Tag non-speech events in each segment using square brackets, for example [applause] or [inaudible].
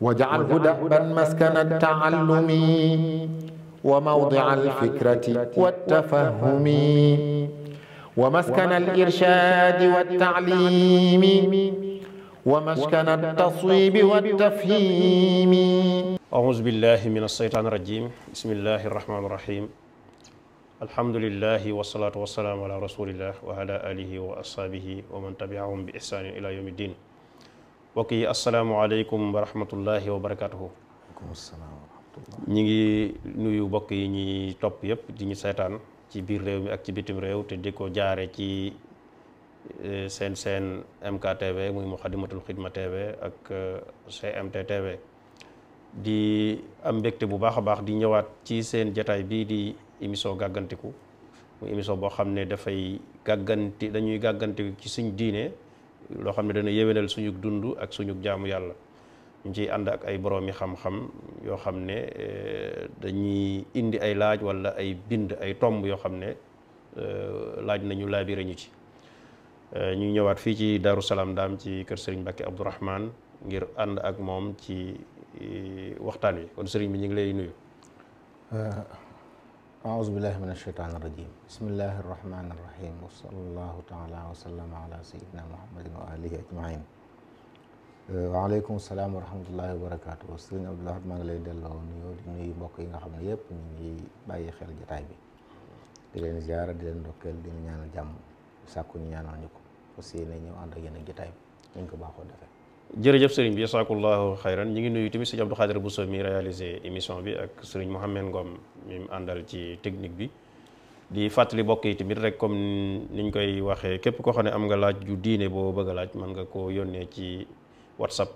واجعله دأبا مسكن التعلم وموضع الفكرة والتفهم ومسكن الإرشاد والتعليم ومسكن التصويب والتفهيم أعوذ بالله من الشيطان الرجيم بسم الله الرحمن الرحيم الحمد لله والصلاة والسلام على رسول الله وعلى آله وأصحابه ومن تبعهم بإحسان إلى يوم الدين mbokk yi asalaamaaleykum wa rahmatullahi wa barakaatuhu. ñi ngi nuyu mbokk yi ñuy topp yëpp di ñu seetaan ci biir réew mi ak ci bitim réew te di ko jaare ci eh, seen seen MKTV muy Muxaddamatul Xidma TV ak GMT eh, di am mbégte bu baax a baax di ñëwaat ci seen jataay bii di émission gàggantiku muy émission boo xam ne dafay gàgganti dañuy gàggantiku ci suñ diine. loo xam ne dana yéwénal suñu dund ak suñu jaamu yàlla ñu ciy ànd ak ay boroomi xam-xam yoo xam ne eh, dañuy indi ay laaj wala ay bind ay tomb yoo xam ne eh, laaj nañu laabire ñu ci eh, ñu ñëwaat fii ci Daaru Salaam daam ci kër Serigne Mbacke Abdourahmane ngir ànd ak moom ci waxtaan wi kon sëriñ bi ñu ngi lay nuyu. Euh, aousubillah min asheytaan irajim bismillahi irrahmani irrahim wasalallahu taala wasallama a sayidina muhammadin wa alihi ajmain waaleykum salaam wa rahmatullahi wa barakatuh sëriñ Abdoulaye maa ngi lay delloo nuyoo di nuyu mbokk yi nga xam ne yëpp ñu ngi bàyyi xel jataay bi di leen ziara di leen ndokkeel di ñaanal jàmm sàkku ñu ñaanal ñu ko fas yéene ñëw ànd ak yéen ak jataay bi ñu ko baaxoo defee jërëjëf sëriñ bi jazaakallahu xayran ñu ngi nuyu tamit sëriñ Abdou bu so mi réalisé émission bi ak sëriñ Mouhamed Ngom mi mu àndal ci technique bi di fàttali bokk yi rek comme ni niñ koy waxee képp koo xam ne am nga laaj ju diine boo bëgg laaj man nga koo yónnee ci whatsapp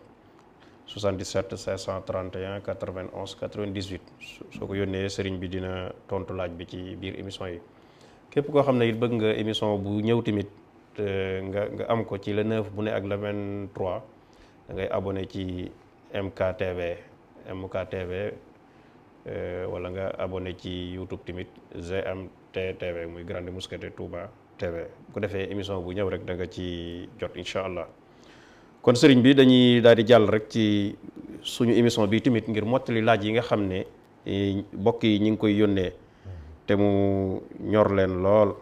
77 531 91 98 soo ko yónnee sëriñ bi dina tontu laaj bi ci biir émission yi képp koo xam ne it bëgg nga émission bu ñëw tamit euh, nga nga am ko ci le 9 bu ne ak le 23 dangay abone abonné ci MKTV MKTV euh, wala nga abonné ci YouTube tamit GMT TV muy Grande Mosquée Touba TV bu ko defee émission bu ñëw rek da nga ci jot incha allah kon sëriñ bi dañuy daal di jàll rek ci suñu émission bi tamit ngir mottali laaj yi nga xam ne eh, mbokk yi ñu ngi koy yónnee te mu ñor leen lool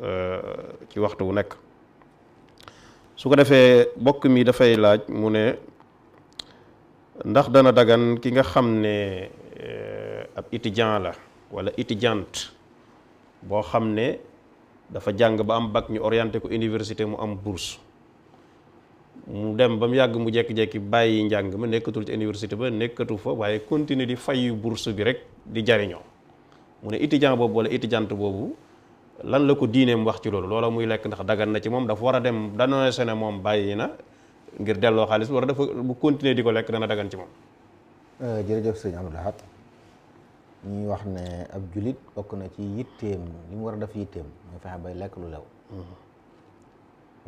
euh, ci waxtu wu nekk. su ko defee mbokk mi dafay laaj mu ne ndax dana dagan ki nga xam ne eh, ab étudiant la wala étudiante boo xam ne dafa jàng ba am bac ñu orienté ko université mu am bourse mu dem ba mu yàgg mu jekki-jekki bàyyi njàng ma nekkatul ci université ba nekkatu fa waaye continuer di fay bourse bi rek di jariñoo mu ne étudiant boobu wala étudiante boobu lan la ko diineem wax ci loolu loola muy lekk ndax dagan na ci moom dafa war a dem dana ne moom bàyyi na ngir delloo xaalis war a dafa bu continuer di ko lekk dana dagan ci moom euh, jërëjëf sëñ Abdou Lahad ñuy wax ne ab julit bokk na ci yitteem li mu war a def yitteem mooy fexe bay lekk lu lew mm-hmm.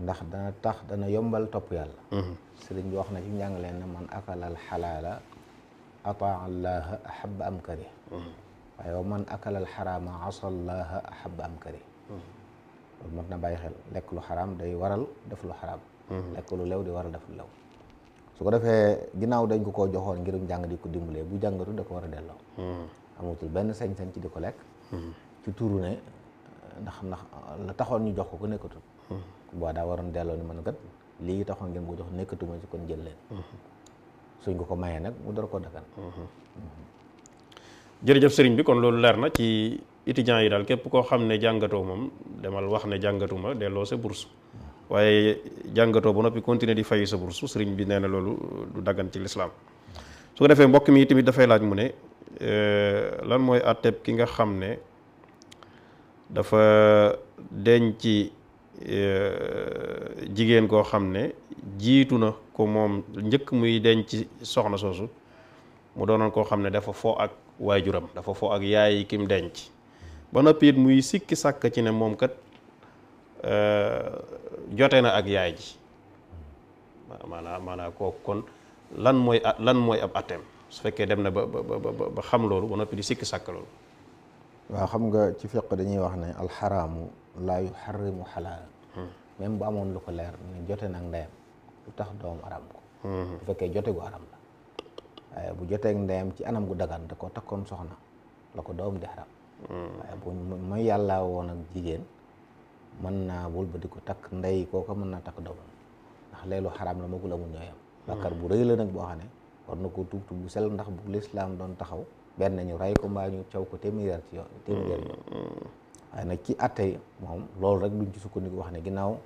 ndax dana tax dana yombal topp yàlla mm-hmm. sëriñ bi wax na ci njàng leen ne man akala al xalaala ataa allaha ahaba am kari mm-hmm. waaye wa man akalal xaraama asallaaha ahaba am kari loolu na bàyyi xel lekk lu xaraam day waral def lu xaraam lekk lu lew di waral def lu lew su ko defee ginnaaw dañ ko koo joxoon ngirum jàng di ko dimbalee bu jàngatu da ko war a delloo amatul benn sañ-sañ ci di ko lekk ci turu ne ndax ndax taxoon ñu jox ko ko nekkatul boo daa waroon delloo ni man kat lii taxoon ngeen ko jox nekkatuma ci kon jël leen suñ ko ko mayee nag mu door koo dakan jërëjëf sëriñ bi kon loolu leer na ci étudiants yi daal képp koo xam ne jàngatoo moom demal wax ne jàngatuma delloo sa bourse waaye jàngatoo ba noppi continuer di fayu sa bourse sëriñ bi nee na loolu du daggan ci lislaam su ko defee mbokk mi tamit dafay laaj mu ne euh, lan mooy àtteeb ki nga xam ne dafa deñ ci euh, jigéen koo xam ne jiitu na ko moom njëkk muy denc soxna soosu mu doonoon koo xam ne dafa foo ak waajuram dafa fo ak yaay kim denc ba noppi muy sikki sàkk ci ne moom kat euh, jote na ak yaay ji maanaa maanaam kooku kon lan mooy lan mooy ab atem su fekkee dem na ba ba ba xam loolu ba noppi di sikki sàkk loolu waaw xam nga ci fiq dañuy wax ne alxaraamu laa yuxarrimu xalaal hmm. même bu amoon lu ko leer ne jote na ak ndeyam lu tax doom aram ko bu hmm. fekkee jote gu aram waaye bu joteeg ndeyam ci anam gu dagan da ko takkoon soxna la ko doom di xaram mooy hmm. yàlla woon ak jigéen mën naa bul takk ndey kooka mën naa takk doomam ndax leelu xaram la magul amul ñooyam hmm. bàkkar bu rëy la nag boo xam ne war na koo tuub tuub bu sell ndax bu lislaam doon taxaw benn ñu ray ko mbaa ñu caw ko téeméer ci yoon téeméer yoon hmm. waaye nag ci atte moom loolu rek duñ ci sukkandiku wax ne ginnaaw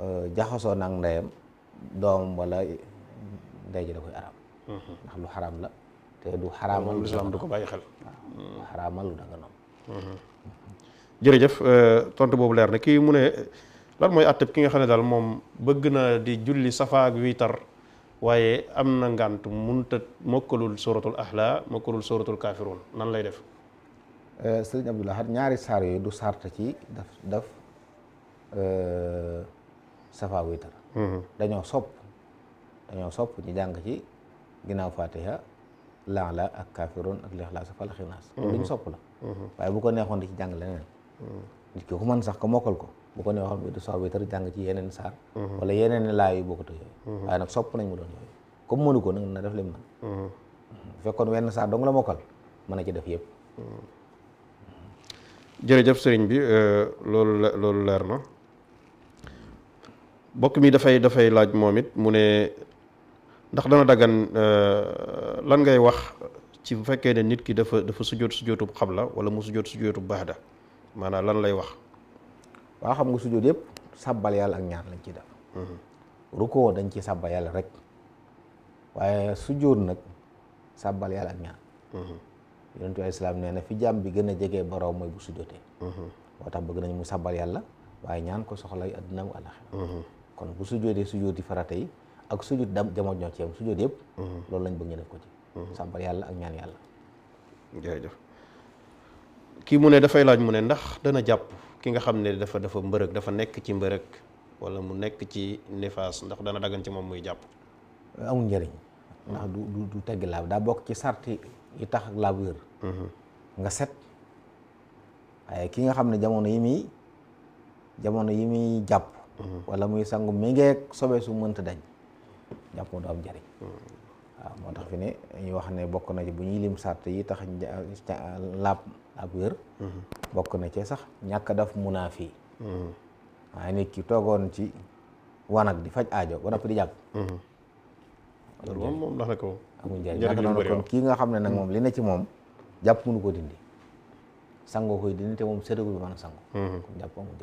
euh, jaxasoo nag ndeyam doom wala ndey ji da koy arab ndax lu xaraam la te du xaraamal lislaam du ko bàyyi xel waaw xaraamal lu danga noonu jërëjëf euh, tontu boobu leer na kii mu ne lan mooy àtteb ki nga xam ne daal moom bëgg na di julli safa ak waaye am na ngànt munta mokkalul suratul ahla mokkalul sooratul kaafiruun nan lay def euh, sëriñ Abdul Ahad ñaari saar yooyu du sarta ci daf daf euh, safa wiitar mhm. dañoo sopp dañoo sopp ñu jàng ci ginnaaw fatiha la ak kaafiroon ak lixlaas fal xinaas luñ mhm. sopp la mhm. waaye bu ko neexoon di ci jàng leneen mhm. nit ki ko mën sax ko mokkal ko bu ko neexoon bi du sox bi jàng ci yeneen saar wala yeneen laa yu bokkatu yooyu waaye nag sopp nañ mu doon yooyu comme mënu ko nag na def lim man fekkoon wenn saar dong la mokkal mën a ci def yëpp jërëjëf sëriñ bi euh, loolu la loolu leer na mbokk mi dafay dafay laaj moom it mu ne ndax dana daggan euh, lan ngay wax ci bu fekkee ne nit ki dafa dafa sujjoot sujjootub la wala mu sujjoot sujjootub baax da maanaam lan lay wax waa xam nga sujjoot yëpp sàbbal yàlla ak ñaar lañ ci def mhm. rukkoo dañ ci sàbbal yàlla rek waaye sujjoot nag sàbbal yàlla ak ñaar mhm. yonentu al islaam nee na fi jàmm bi gën a jege boroom mooy bu sujjootee mhm. moo tax bëgg nañ mu sàbbal yàlla waaye ñaan ko soxlay adduna ak àllaxira kon bu sujjootee sujjooti farata yi ak sujud dam jamono ñoo ci yam yëpp mhm. loolu lañ bëgg ñu def ko ci mhm. sàmpal yàlla ak ñaan yàlla jërëjëf kii mu ne dafay laaj mu ne ndax dana jàpp ki nga xam ne dafa dafa mbërëg dafa nekk ci mbërëg wala mu nekk ci nifaas ndax dana daggan ci moom muy jàpp amul njëriñ ndax du du tegg laab daa bokk ci sarti yi tax ak laab wér mhm. nga set waaye ki nga xam ne jamono yi muy jamono yi muy jàpp wala muy sangu mi ngeeg sobe su mënta dañ jàpp du am njëriñ waaw moo tax fi ne ñu wax ne bokk na ci bu ñuy lim sart yi tax laab ak wér bokk na ci sax ñàkk daf munaafi waaye nit ki toogoon ci wanag di faj aajo ba noppi di jàpp loolu moom moom ndax na nga xam ne nag moom li ne ci moom jàpp mënu ko dindi sango koy dindi te moom sédagul bi mën hmm. jàpp amul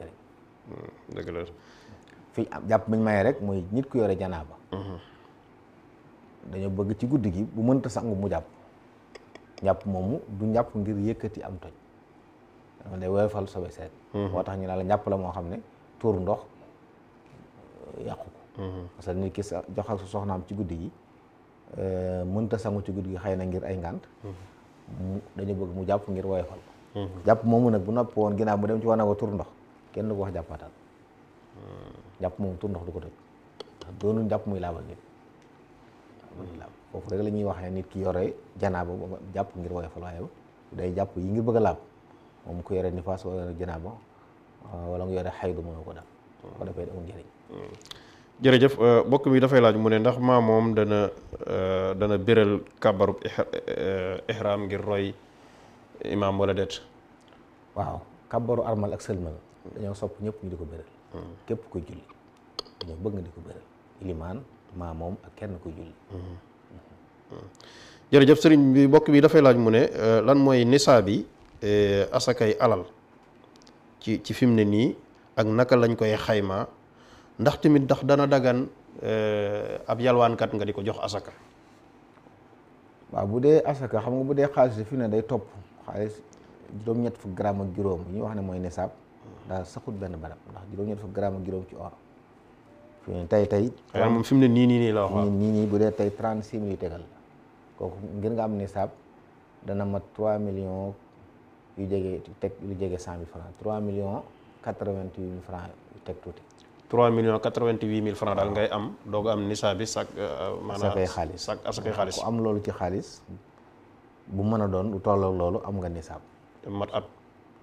njëriñ hmm. rek mooy nit ku yore janaaba hmm. dañoo bëgg ci guddi gi bu mënta sangu mu jàpp njàpp moomu du njàpp ngir yëkkati am toj day woyofal sobe seet mhm. moo tax ñu ne la la moo xam ne tuur ndox euh, yàqu ko mhm. parce que jox ak ci guddi gi euh, mënta sangu ci guddi gi xëy na ngir ay ngànt mhm. dañu bëgg mu jàpp ngir woyofal ko jàpp moomu nag bu nopp woon ginnaaw mu dem ci wanag a tur ndox kenn du wax jàppaatal hmm. jàpp moomu tur ndox du ko toj doonu jàpp muy laabal nit foofu rek la ñuy wax nit ki yore janaaba jàpp ngir fa waaye day jàpp yi ngir bëgg a laab moom ku yore nifaas wala yore janaaba euh, wala nga yore xaydu mënoo ko ko defee amul euh, dafay laaj mu ne ndax maa moom dana euh, dana béral kàbbarub ngir roy imaam wala deet waaw kàbbaru armal ak sëlmal dañoo sopp ñëpp ñu di ko béral hmm. képp koy julli dañoo bëgg nga di ko béral ilimaan maa moom ak kenn ku julli mm-hmm. jërëjëf sëriñ bi mbokk bi dafay laaj mu ne euh, lan mooy nisaa bi euh, asakay alal ci ci fi mu ne nii ak naka lañ koy xayma ndax tamit ndax dana dagan euh, ab yalwaankat nga di ko jox asaka waaw bu dee asaka xam nga bu dee xaalis fi ne day topp xaalis juróom-ñett fukk gramme juróom yi ñuy wax ne mooy nisaab ndax saxut benn barab ndax juróom-ñett fukk gramme ak juróom ci or tey tey. waaw ah, moom fi mu ne nii nii nii la wax. nii nii bu dee tey trente six mille tegal kooku ngir nga am nisaab dana mat trois millions yu jege teg lu jege cent mille franc trois millions quatre vingt huit mille franc yu teg tuuti. trois millions quatre vingt huit mille franc daal ngay am doog am nisaab bi sak. Euh, maanaam asakay xaalis sak asakay xaalis. ku am loolu ci xaalis bu mën a doon lu tolloog loolu am nga nisaab. mat at.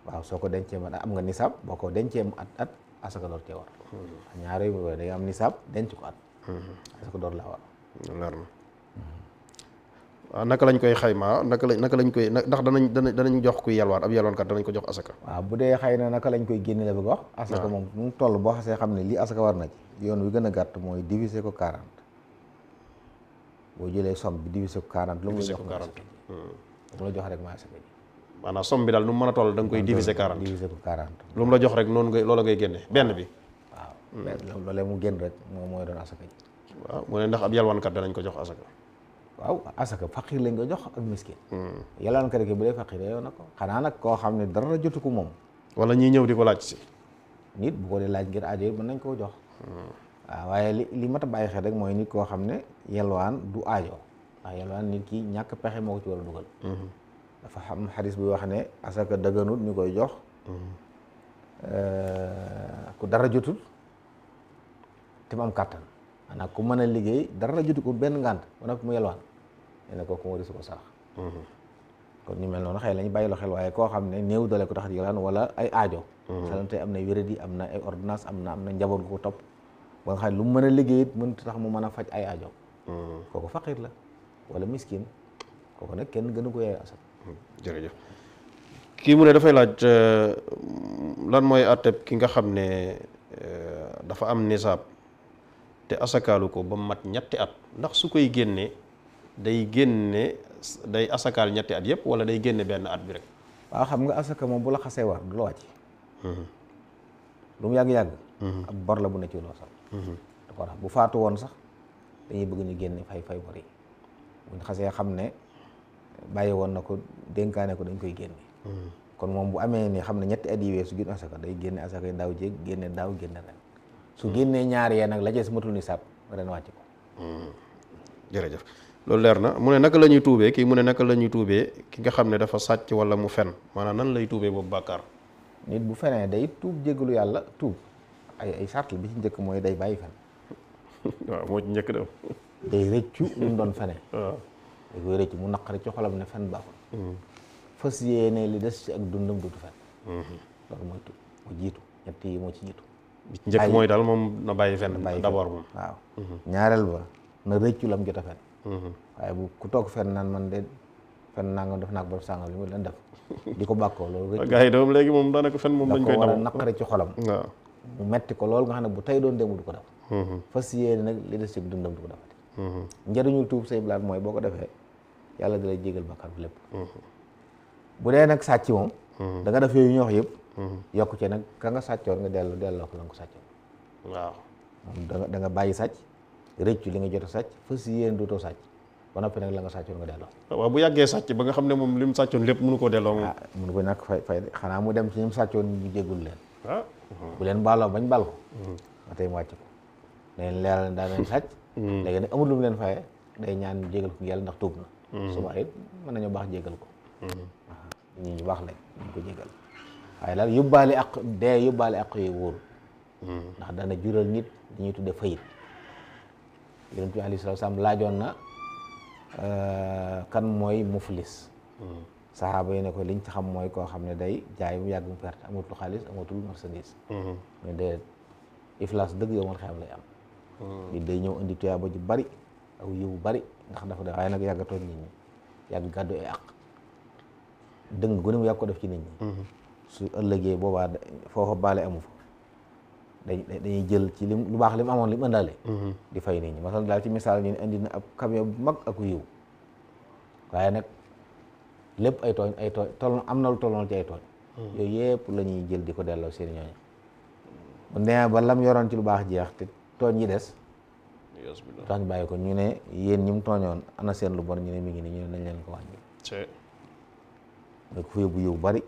waaw soo ko dencee mat am nga nisaab boo ko dencee at at. asaka door te war hmm. ñaar yooyu mooy day am nisaab denc ko at hmm. asaka door laa war leer na waaw hmm. ah, naka lañ koy xaymaa naka lañ naka lañ koy ndax danañ danañ danañ jox kuy yalwaan ab yalwaankat danañ ko jox asaka waaw bu dee xëy na naka lañ koy génne la bëgg wax ah. asaka moom mu toll boo xasee xam ne lii asaka war na ci yoon bi gën a gàtt mooy diviser ko 40 boo jëlee some bi diviser ko 40 lu mu jox ko 40 lu mu la jox rek mooy maanaam somme bi daal lu mu mën a toll da nga koy diviser 40 diviser ko 40 lu mu la jox rek noonu ngay loola ngay génne benn bi waaw loolee mu génn rek moom mooy doon asaka ji waaw mu ne ndax ab yalwaankat danañ ko jox asaka waaw asaka faqir lañ ko jox ak miskin hmm. yalwaankat ke bu dee faqir yow na ko xanaa nag koo xam ne dara jotu ko moom wala ñiy ñëw di ko laaj si nit bu ko dee laaj ngir ajo yi mën nañ koo jox hmm. waaw waaye li li mat a bàyyi xel rek mooy nit koo xam ne yalwaan du aajo waaw yalwaan nit ki ñàkk pexe moo ci war a dafa xam xadis bi wax ne asaka dëgganut ñu koy jox eh, ku dara jotul te mu am kàttan maanaam ku mën a liggéey dara jotu ko benn ngànt wala mu yelwaan nee na kooku moo di mhm. kon ñu mel noonu xëy lañu bàyyi waaye koo xam ne néew doole ko tax yelwaan wala ay aajo xelam mhm. am na wéradi am na ay ordonnance am na am na njaboot gu ko topp ba nga xam lu mën a liggéey it mënut tax mu mën a faj ay ajo mhm. kooku faqir la wala miskin kooku nag kenn gënu ko yaay asaka jërëjëf kii mu ne dafay laaj euh, lan mooy àtteb ki nga xam ne euh, dafa am nisaab te asakaalu ko ba mat ñetti at ndax su koy génnee day génne day asakaal ñetti at yëpp wala day génne benn at bi rek. waa xam nga asaka moom bu la xasee war du la wàcc. Mhm. lu mu yàgg yàgg. Mhm. ab la bu ne ci loo sax. Mhm. bu faatu woon sax dañuy bëgg ñu génne fay fay bor yi buñ xasee xam ne. bàyyi woon na ko dénkaane ko dañ koy génne hmm. kon moom bu amee ni xam ne ñetti at yi weesu génn asaka day génne asaka yi daaw jéeg génne daaw génne ren su hmm. génnee ñaar yee nag la jees matul ni sàpp ren wàcc ko hmm. jërëjëf loolu leer na mu ne naka la ñuy tuubee kii mu ne naka la ñuy tuubee ki nga xam ne dafa sàcc wala mu fen maanaam nan lay tuubee boobu bàkkaar nit bu fenee day tuub jégalu yàlla tuub ay ay sart bi ci njëkk mooy day bàyyi fen [laughs] waaw moo ci njëkk [laughs] da koy mu naqari ci xolam ne fen baaxul mm-hmm. fas yéene li des ci ak dundam dutu fen mm-hmm. jiitu ñett moo ci jiitu njëkk mooy daal moom na bàyyi fen d'abord moom waaw mm-hmm. ñaareel ba na rëccu lam jot a fen waaye bu ku toog fen naan man de fen def naa ko borom li mu leen def di ko bàkkoo loolu rëccu yi doom léegi moom daanaka fen moom dañ koy war a naqari ci xolam mu metti ko loolu nga xam ne bu tey doon démb du ko def fas yéene nag li des ci dundam du ko defati njëriñul tuub say blaat mooy boo ko defee yàlla da lay jégal bàkkaar bu lépp mhm. bu dee nag sàcc moom mhm. danga def yooyu ñu wax yëpp mhm. yokku ci nag ka nga sàccoon nga dellu delloo ko la ko sàcc waaw moom da nga bàyyi sàcc rëccu li nga jot a sàcc fas yéene dootoo sàcc ba noppi nag la nga sàccoon nga delloo waaw bu yàggee sàcc ba nga xam ne moom li mu sàccoon lépp mënu koo delloo moom ah, mënu ko nag fay fay xanaa mu dem ci ñoom sàccoon ñu jégul leen ah. bu leen baaloo bañ baal ko ba tey mu wàcc ko leen leeral ne daa leen sàcc amul leen faye day ñaan ko yàlla ndax tuub subaa mm-hmm. it mën nañoo baax jégal ko mm-hmm. ñii ñu baax lañ ñu ko jégal waaye daal yóbbaale ak dee yóbbaale àq yooyu wóorul ndax dana jural nit dañuy tuddee fayit yonent bi alayhi laajoon na euh, kan mooy muflis mm-hmm. saxaaba yi ne ko liñ ci xam mooy koo xam ne day jaay mu yàgg mu perte amatul xaalis amatul marchandise ñu dee iflaas dëgg yow man xam lay am li day ñëw indi tuyaaba ju bari aw yiw bari ndax dafa def waaye nag yàgg a tooñ nit ñi yàgg gàddu ay àq dëng gu mu yàgg ko def ci nit ñi mhm. su ëllëgee boobaa foofa baale amu fa dañuy jël ci lim lu baax lim amoon li ëndaale mhm. di fay nit ñi masalan daal ci misaal ñu ne indi na ab camion bu mag aku yiw waaye nag lépp ay tooñ ay tooñ toll am na lu tolloon ci ay tooñ mhm. yooyu yëpp la ñuy jël di ko delloo seen ñooñu bu nee ba yoroon ci lu baax jeex te tooñ yi des tooñ bàyyi ko ñu ne yéen ñi mu tooñoon ana seen lu bon ñu ne mi ngi ni ñu ne nañ leen ko wàññi da ko fa yóbbu yóbbu bari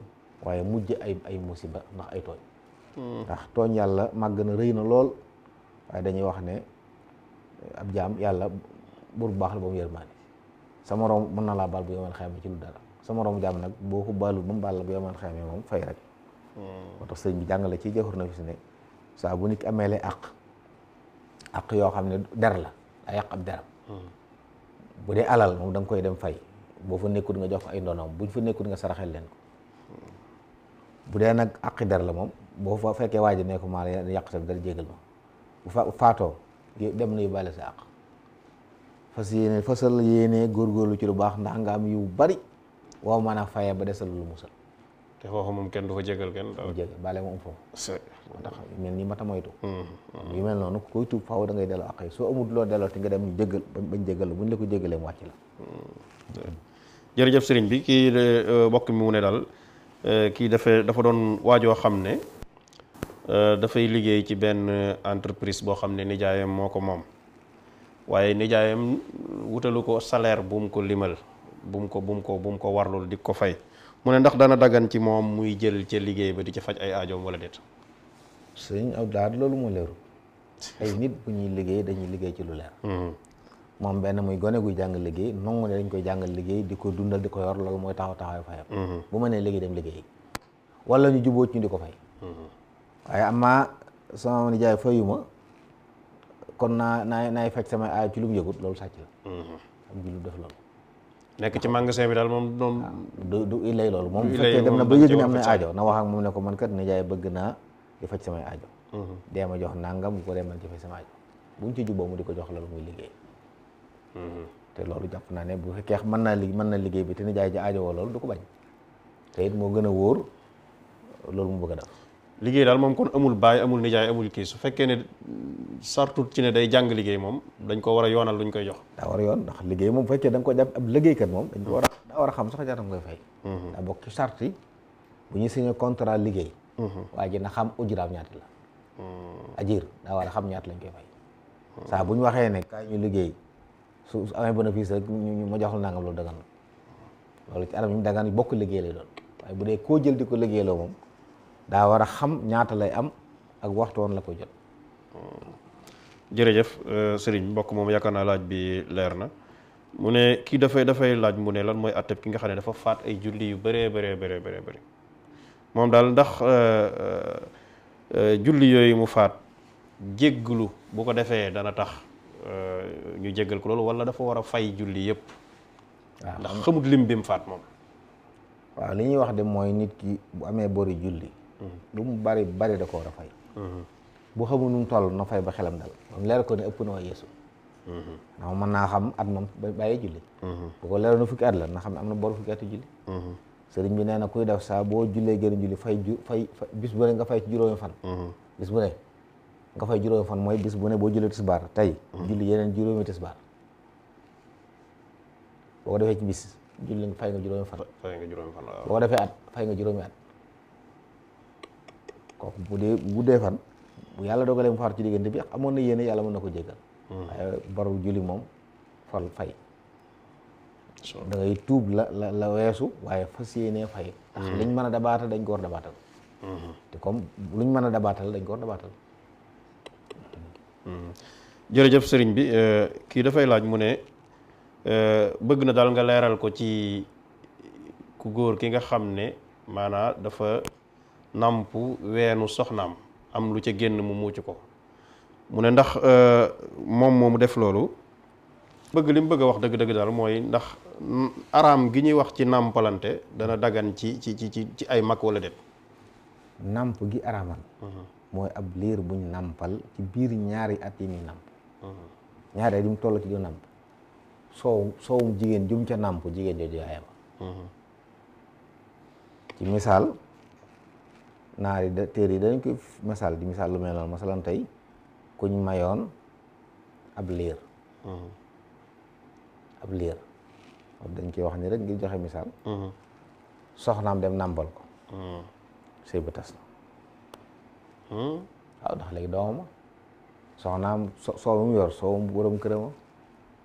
waaye mujj ay ay musiba ndax ay tooñ hmm. ndax tooñ yàlla màgg na rëy na lool waaye dañuy wax ne ab jaam yàlla buur bu baax la ba mu yërmaane sa moroom mën na laa baal bu yomal xayma ci lu dara sa moroom jaam nag boo ko baalul ba mu baal la bu yomal xayma moom fay rek hmm. moo tax sëñ bi jàngale ci joxur na fi si ne saa bu nit ameele àq ak yoo xam ne der la ay yàq ab deram hmm. bu dee alal moom da nga koy dem fay boo fa nekkul nga jox ko ay ndonoom buñ fa nekkul nga saraxel leen ko hmm. bu dee nag aqi der la moom boo fa fekkee waa ji ne ko maa yàq sa der jégal ma bu fa faatoo dem na yóbbaale sa àq fas yéene fasal yéene lu ci lu baax ndax nga am yu bari woo man a faye ba desal lu mu sël te foofu moom kenn du fa jégal kenn jégal bale moom foofu ndax yu mel nii mat a moytu hmm, hmm. yu mel noonu koy tuub faaw da ngay delloo ak soo amul loo delloo te nga dem ñu jéggal bañ jéggal la buñ la ko jéggalee mu wàcc la hmm. jërëjëf sëriñ bi ki euh, mbokk mi mu ne daal euh, kii dafa dafa doon waajoo xam ne euh, dafay liggéey ci benn entreprise boo xam ne nijaayam moo ko moom waaye nijaayam wutalu ko salaire bu ko limal bu ko bu ko bu ko warlul di ko fay mu ne ndax dana daggan ci moom muy jël ca liggéey ba di ca faj ay aajoom wala déet sëñ Abdou Lahad loolu moo leeru ay nit bu ñuy liggéey dañuy liggéey ci lu leer hmm. moom benn muy gone guy jàng liggéey nongu ne dañ koy jàngal liggéey di ko dundal di ko yor loolu mooy taxaw taxaw fayam hmm. bu ma léegi dem liggéey wala ñu jubóo ci ñu di ko fay hmm. waaye amaa nijaay fayuma kon naa naa naay fekk sama ci lu mu yëgut loolu sàcc la ci magasin bi daal moom moom ah, du du loolu moom fekkee dem na ba yëg ne am na aajo na wax moom ne ko man kat nijaay bëgg naa di faj samay aajo mhm. dee ma jox nangam mu ko demal ci faj sama aajo bu ñu ci juboo mu di ko jox loolu muy liggéey mhm. te loolu jàpp naa ne bu fekkee mën naa mën na liggéey bi te ni jaay ji aajo du ko bañ te moo gën a wóor loolu mu bëgg def liggéey daal moom kon amul baay amul nijaay amul kii su fekkee ne sartut ci ne day jàng liggéey moom dañ ko war a yoonal luñ koy jox daa war yoon ndax liggéey moom fekkee da ko jàpp ab liggéeykat moom dañ ko war a daa war a xam sax ñaata koy fay mhm. daa bokk ci sart yi bu ñuy signé liggéey waa ji na xam ujuraam ñaata la ajir daa war a xam ñaata lañ koy fay saa bu ñu waxee ne kaay ñu liggéey su amee bénéfice ma jox la nangam loolu ci anam ñu dagan bokk liggéey lay waaye bu dee koo jël ko liggéey loo moom daa war a xam ñaata lay am ak waxtu woon la koy jot jërëjëf euh, sëriñ mbokk moom yaakaar naa laaj bi leer na mu ne kii dafay dafay laaj mu ne lan mooy atteb ki nga xam ne dafa faat ay julli yu bare bëree bëree bëree bëri moom daal ndax euh, euh, euh, julli yooyu mu faat jégglu bu ko defee dana tax ñu jéggal ko loolu wala dafa war a fay julli yëpp ah, ndax xamut lim bi mu faat moom waaw li ñuy wax de mooy nit ki bu amee bori julli hmm. lu mu bari bari da ko war a fay hmm. bu xamul nu mu toll na fay ba xelam dal moom leer ko ne ëpp na waa yeesu hmm. ndax mën naa xam at moom bàyyee julli bu ko leeroon na fukki at la na xam ne am na bor fukki atu julli sëriñ bi nee na kuy def saa boo jullee gën a julli fay ju fay bis bu ne nga fay ci juróomi fan mhm. bis bu nga fay juróomi fan mooy bis bu ne boo jullee tisbaar tey mhm. julli yeneen juróomi tisbaar boo ko defee ci bis julli nga fay nga juróomi fan fay nga boo ko defee at fay nga juróomi at kooku bu dee bu dee fan bu yàlla dogalee mu faatu ci diggante bi amoon na yéene yàlla mën na ko jéggal mhm. waaye baru julli moom fal fay da ngay tuub la la weesu waaye fas ne fay ndax hmm. mën a dabaatal dañ ko war dabaatal hmm. luñ mën a dabaatal dañ ko war dabaatal hmm. jërëjëf sëriñ bi euh, kii dafay laaj mu ne euh, bëgg na daal nga leeral ko ci ku góor ki nga xam ne maanaa dafa namp weenu soxnaam am lu ca génn mu muuc ko mu ne ndax euh, moom mu def loolu bëgg li mu bëgg a wax dëgg-dëgg daal mooy ndax araam gi ñuy wax ci nàmpalante dana dagan ci ci ci ci ay mag wala déet nàmp gi araamal mhm. mooy ab liir buñ nàmpal ci biir ñaari at yi muy nàmp mhm. ñaari at yi mu toll ci du nàmp soow soowum jigéen jum ca nàmp jigéen jooju yaayam mhm. ci misaal naar yi da téer yi dañ koy misaal di misaal lu mel noonu masalan tey kuñ mayoon ab liir ab liir dañ koy wax ni rek ngir joxe misaal. Mhm. soxnaam dem nàmpal ko. Mhm. sëy ba tas na. Mhm. waaw ndax léegi doomam soxnaam so yor soo mu borom këram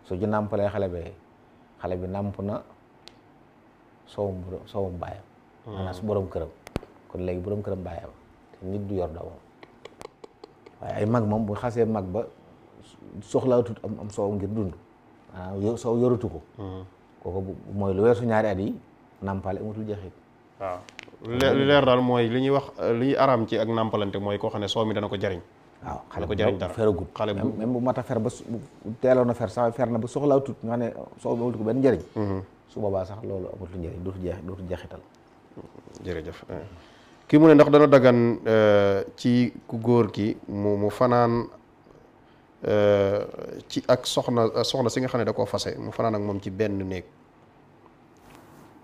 su ci nàmpalee xale bi xale na soo mu soo mu bàyyam. borom këram kon léegi borom këram bàyyam te nit du yor doomam waaye ay mag moom bu xasee mag ba soxlaatut am am soow ngir dund maanaam yow soow yoratu ko. kooku mooy lu weesu ñaari at yi nàmpale amatul jeexit waaw leer daal mooy li ñuy wax li araam ci ak nàmpalante mooy koo xam ne soo mi dana ko jariñ waaw xale ko jariñ dara feragub xale bu même fer ba teeloon a fer sax fer na ba soxlaa tut nga xam ne soo mi amatul ko benn njëriñ mm-hmm. su boobaa sax loolu amatul njëriñ dootu jeex dootu jeexital jërëjëf kii mu ne ndax dana dagan euh, ci ku góor ki mu mu fanaan ci ak soxna soxna si nga xam ne da koo fase mu fanaan ak moom ci benn néeg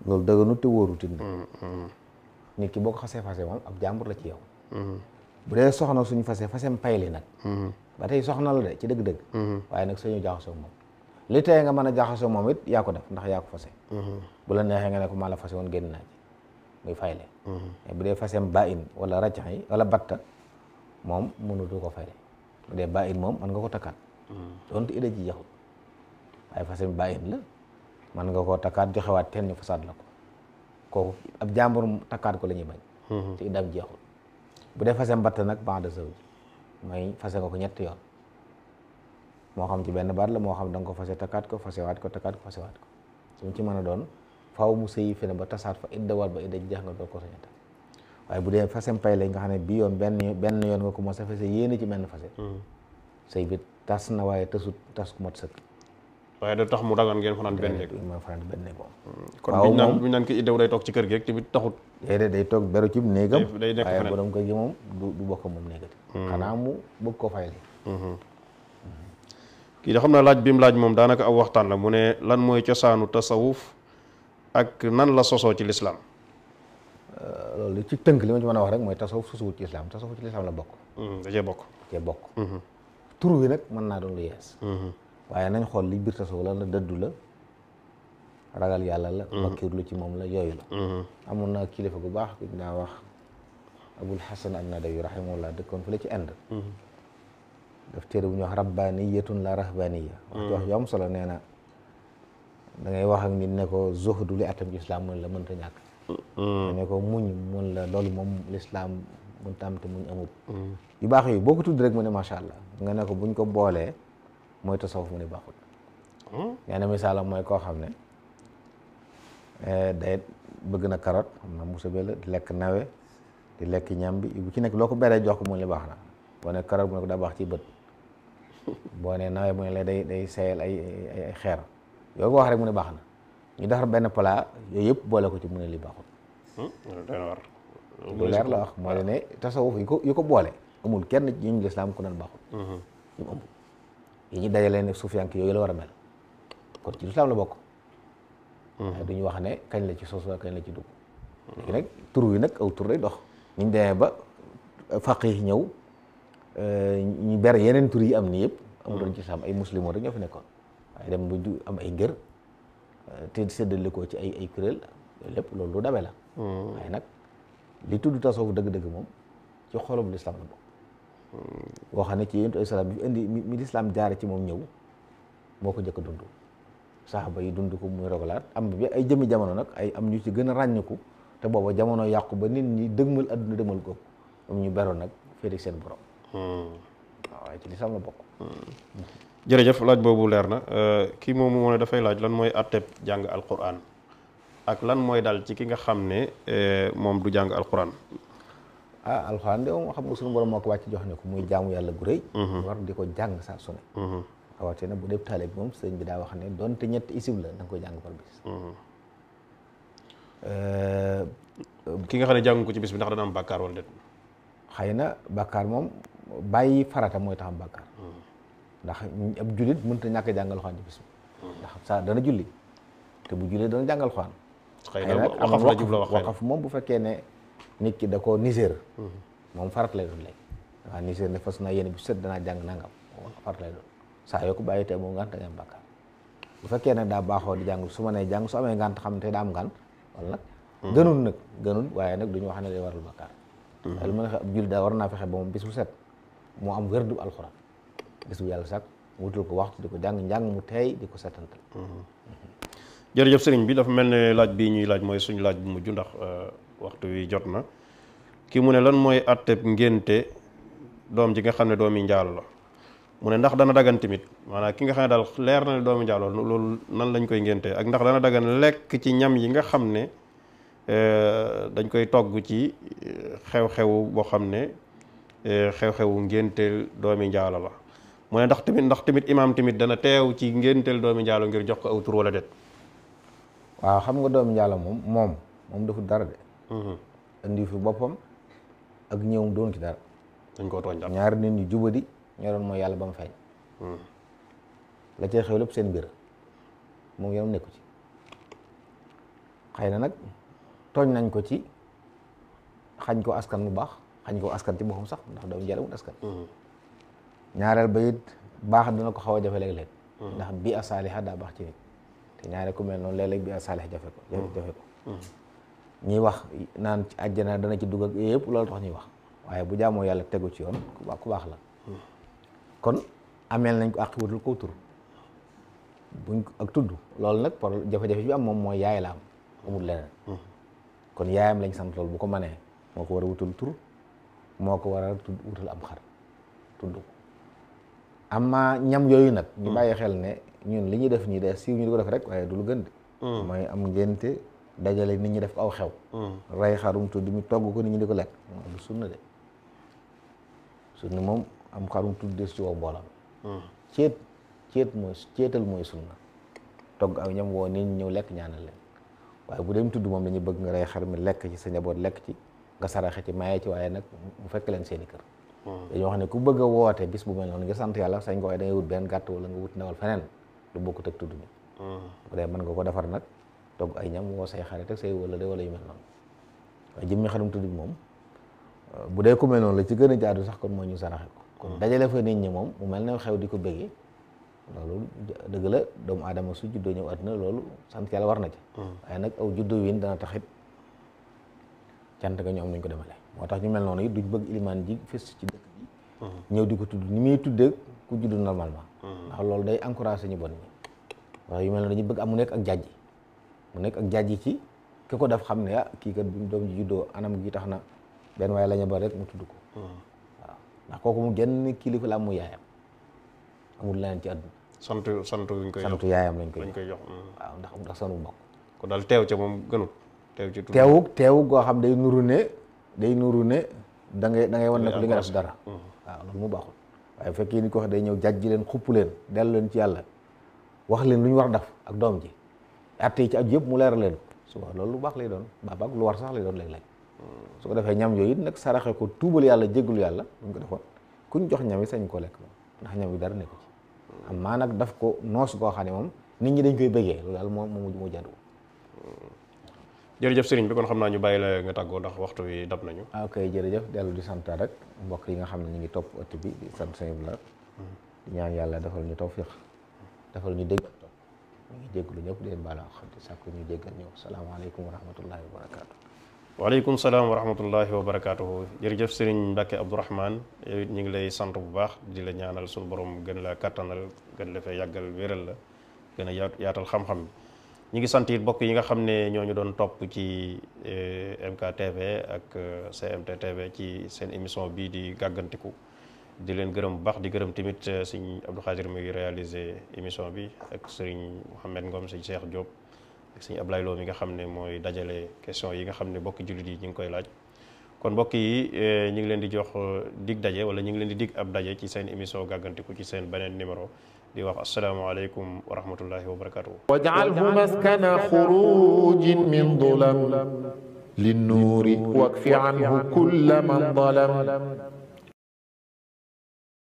loolu dëgganut te wóorut nag mm, mm. nit ki boo ko xasee fase moom ab jàmbur la ci yow mm. bu dee soxna suñu fase fasem payli nag ba tey soxna la de ci dëgg-dëgg waaye nag suñu jaxasoo moom li tey nga mën a jaxasoo moom it yaa ko def ndax yaa ko fase bu la neexee nga ne ko maa la fase woon génn naa ci muy fayle bu dee fasem ba in wala rajax yi wala batta moom mënutu ko fayle bu dee bàyyin moom man nga ko takkaat hmm. donte ida ji yaxut waaye façon bàyyin la mën nga koo takkaat joxewaat teen ñu fasaat la ko kooku ab jàmbur takkaat ko la ñuy bañ hmm. te idam jeexul bu dee fase mbatt nag ban de zawj mooy fase nga ko ñetti yoon moo xam ci benn baat la moo xam da nga ko fase takkaat ko fasewaat ko takkaat ko fasewaat ci mën a doon faw mu sëyi fi ne ba tasaat fa idda wal ba idda ji jeex nga doon ko sañata waaye bu dee fasem pay lañ nga xam ne bii yoon benn benn yoon nga commencé fase yéene ci benn fase hmm. sëy bi tas na waaye tasut tas ku mat sëkk waaye da tax mu dagan ngeen fanaan benn néeg ma fanaan benn néeg hmm. kon biñ naan biñ naan day toog ci kër gi rek tamit day toog beru ci néegam waaye borom kër gi moom du du bokk moom néegati hmm. xanaa mu bëgg ko fay li kii da xam naa laaj bi mu laaj moom daanaka ab waxtaan la mu ne lan mooy cosaanu tasawuf ak nan la sosoo ci lislaam loolu ci tënk li ma ci a wax rek mooy tasawuf susuwu ci islam tasawuf ci islam la bokk. da cee bokk. da bokk. tur wi nag mën naa doon lu yees. waaye nañ xool li biir tasawuf la la dëddu la ragal yàlla la. lu ci moom la yooyu la. amoon na kilifa bu baax ku naa wax Abul Hasan an-Nadawi rahimahullah dëkkoon fële ci Inde. daf téere bu ñuy wax rabbaniyatun la rahbaniya. wax wax yu solo nee na da wax ak nit ne ko zuhdu li atam ci islam mooy la mënta ñàkk. mu mm. ne ko mu mun la loolu moom lislaam mun tam te muñ amut mm. yu baax yi boo ko tudd rek mu ne macha allah nga ne ko buñ ko boolee mooy tasawuf mu ne baaxut nee na mooy koo xam ne eh, day bëgg na carotte xam na musabe la di lekk nawe di lekk ñambi bu ci nekk loo ko beree jox ko mu ne baax na boo ne carotte mu ne daa baax ci bët [laughs] boo ne nawe mu ne la day day seeyal ay ay xeer yoo ko wax rek mu ne baax na ñu defar benn palaa yooyu yëpp boole ko ci mu ne li baaxul. Hmm, leer la wax moo ne tasawuf yi ko yi ko boole amul kenn ci ñu lislaam ku naan ñu hmm, hmm. amul yi ñu dajalee yooyu la war a mel kon ci lislaam la bokk. waaye wax ne kañ la ci sos wala kañ la ci dugg. léegi nag tur wi nag aw tur lay dox. ñu demee ba faqih euh, ñëw euh, ñu ber yeneen tur yi am ni yëpp. amuloon ci lislaam ay muslimoon rek ñoo fi nekkoon waaye dem bu am ay ngër. Euh, te séddale ko ci ay ay kuréel lépp loolu lu dabe la. Hmm. waaye nag li tudd tasawuf dëgg-dëgg moom ci xolum lislaam la bokk. boo hmm. xam ne ci yéen islam bi indi mi lislaam jaare ci moom ñëw moo ko njëkk a dund. saxaba yi dund ko muy rogalaat am bi ay jëmi jamono nag ay am ñu ci gën a ràññiku te booba jamono yàqu ba nit ñi dëgmal adduna dëgmal ko am ñu beroon nag féete seen borom. Hmm. ci lislaam la bokk. jërëjëf laaj boobu leer na euh, kii moom moo ne dafay laaj lan mooy atteb jàng alquran ak lan mooy daal ci ki nga xam ne euh, moom du jàng alquran. ah alquran de moom xam nga sunu borom moo ko jox ne ko muy jaamu yàlla gu rëy. Mhm. war di ko jàng saa su ne. Mhm. bu dee taale moom sëñ bi daa wax ne donte ñetti isib la da koy jàng bis. Mhm. Euh, ki nga xam ne jàngu ko ci bis bi ndax dana am bàkkaar wala déet. xëy na bàkkaar moom bàyyi farata mooy tax am ndax ab jullit mënut a ñàkk a jàngal xaan ci bis saa dana julli te bu jullee dana jàngal xaan xëy na waqaf la jublu wax waqaf moom bu fekkee ne nit ki da ko Niger moom farat lay doon léegi waaw Niger ne fas naa yéene bu set danaa jàng nangam farat lay doon saa yoo ko bàyyi tey moom ngànt da ngay bàkkaar bu fekkee ne daa baaxoo di jàng su ma nee jàng su amee ngànt xam te daa am ngànt wala nag gënul nag gënul waaye nag ñu wax ne day waral bàkkaar mm-hmm. lu ma ne ab daa war naa fexe ba moom bis bu set moo am wérdu alxuraan bis bu yàlla sàkk wutul ko waxtu di ko jàng njàng mu tey di ko setantal mhm. jërëjëf sëriñ bi dafa mel ne laaj bii ñuy laaj mooy suñu laaj bu mujj ndax euh, waxtu wi jot na kii mu ne lan mooy atteb ngénte doom ji nga xam ne doomi njaalo la mu ne ndax dana dagan tamit maanaam ki nga xam ne daal leer na ne doomi njaalo loolu nan lañ koy ngéntee ak ndax dana dagan lekk ci ñam yi nga xam ne euh, dañ koy togg ci xew euh, xew boo xam ne xew-xewu ngénteel doomi njaalo la mu ne ndax tamit ndax tamit imaam tamit dana teew ci ngénteel doomi njaalo ngir jox ko aw tur wala det waaw xam nga doomi njaalo moom moom moom deful dara de mm-hmm. indi fi boppam ak ñëwum doon ci dara dañ koo tooñ ñaari nit ñu jubadi ñoo doon mooy yàlla ba mu feeñ mm-hmm. la cay xew lépp seen mbir moom yoonam nekku ci xëy na nag tooñ nañ ko ci xañ ko askan bu baax xañ ko askan ci boppam sax ndax doomu njaalo wut askan mm-hmm. ñaareel ba it baax dina ko xaw a jafe léeg-léeg hmm. ndax bi a daa baax ci nit te ñaare ku mel noonu léeg-léeg bi a jafe ko hmm. jafe hmm. ñuy wax naan ci àjjana dana ci dugg ak yëpp loolu tax ñuy wax waaye bu jaamoo yàlla tegu ci yoon ku baax baax la kon ameel nañ ko àq wutul ko ak tudd loolu nag par jafe am moom mooy yaay la am amul leneen yaayam lañ sant loolu bu ko mënee moo ko war a wutul tur moo ko war a wutul am xar amma ñam yooyu nag. ñu hmm. bàyyi xel ne ñun li ñuy def nii de siiw ñu di ko def rek waaye du lu gën de. Hmm. mooy am ngénte dajale nit ñi def aw xew. Hmm. rey xarum tudd mi togg ko nit ñi di ko lekk du sunna de sunna moom am xarum tudd des ci wow mbooloo. ceet ceet mooy ceetal mooy sunna togg aw ñam woo nit ñëw lekk ñaanal leen waaye bu dem tudd moom dañuy bëgg nga rey xar mi lekk ci sa njaboot lekk ci nga saraxe ci maye ci waaye nag mu fekk leen seeni kër. dañoo xam ne ku bëgg a woote bis bu mel noonu nga sant yàlla sañ ko waaye da ngay wut benn gàtt wala nga wut ndawal feneen lu bokkut ak tudd bi bu mm. dee mën nga ko defar nag togg ay ñam woo say xarit ak say wala de wala yu mel noonu waaye jëmmi xarum tudd bi moom euh, bu dee ku mel noonu la ci gën a jaadu sax kon moo ñu saraxe ko kon mm. dajale fa nit ñi moom mu mel new xew di ko bëggee loolu dëgg la doomu aadama su juddoo ñëw àddina loolu sant yàlla war na ci mm. waaye nag aw juddo win dana taxit cant nga ñu am nañ ko demale moo tax ñu mel noonu it duñ bëgg ilimaan ji fës ci dëkk bi mm-hmm. ñëw di ko tudd ni muy tuddee ku judd normalement mm-hmm. ndax loolu day encouragé ñu bon ñi yu mel noonu dañu bëgg am mu nekk ak jàjji mu nekk ak jàjji ci ki ko def xam ne ah, kii kat bi doom ji juddoo anam gi tax na benn waaye la ñu ba rek mu tudd ko mm-hmm. waaw ndax kooku mu genn kilifa la am mu yaayam amul leneen ci àdduna sant sant ñu koy sant yaayam lañ koy jox waaw ndax sanu mbokk ko daal teew ca moom gënul teew ci teewuk teewu xam day day nuru ne da ngay da ngay wan ne li nga def dara waaw loolu mu baaxul waaye fekk fekkee ni ko wax day ñëw ji leen xupp leen dellu leen ci yàlla wax leen lu ñu war def ak doom ji atte yi ci aju yëpp mu leeral leen ko suba loolu lu baax lay doon baax baax lu war sax lay doon léeg-léeg hmm. su ko defee ñam yooyu it nag saraxe ko tuubal yàlla jéggul yàlla buñ ko defoon kuñ jox ñam yi sañ ko lekk moom ndax ñam yi dara nekku ci xam hmm. maa nag daf ko noos koo xam ne moom nit ñi dañ koy bëggee loolu moom moo moo mu jàddu jërëjëf sëriñ bi kon xam naa ñu bàyyi la nga tàggoo ndax waxtu wi dab nañu ah, ok jërëjëf dellu di santa rek mbokk yi nga xam ne ñu ngi topp ëtt bi di sant sëriñ bi la di ñaan yàlla defal ñu tawfiq defal ñu dégg ak topp ñu ngi jégglu ñëpp di leen baal xam di sàkk ñu jéggal ñëw salaamaaleykum wa rahmatullahi wa barakaatu waaleykum salaam wa rahmatullahi wa barakaatuhu jërëjëf sëriñ Mbàkke Abdourahmane yow ñu ngi lay sant bu baax di la ñaanal su borom gën la kattanal gën la fee yàggal wéral la gën a yaatal xam ñi ngi sant it mbokk yi nga xam ne ñoo ñu doon topp ci eh, MKTV ak eh, CMT TV ci seen émission bii di gàggantiku di leen gërëm bu baax di gërëm tamit eh, sëñ Abdou Khadir muy réaliser émission bi ak sëriñ Mouhamed Ngom sëñ Cheikh Diop ak sëñ Ablaye Lo mi nga xam ne mooy dajale question yi nga xam ne bokki jullit yi ñu ngi koy laaj kon mbokk yi ñu ngi leen di jox dig daje wala ñu ngi leen di dig ab daje ci seen émission gàggantiku ci seen beneen numéro di wax asalaamualeykum wa rahmatullahi wa barakatuhu waj'alhu maskana xurujin min dulam linnuuri wakfi anhu kulla man dalam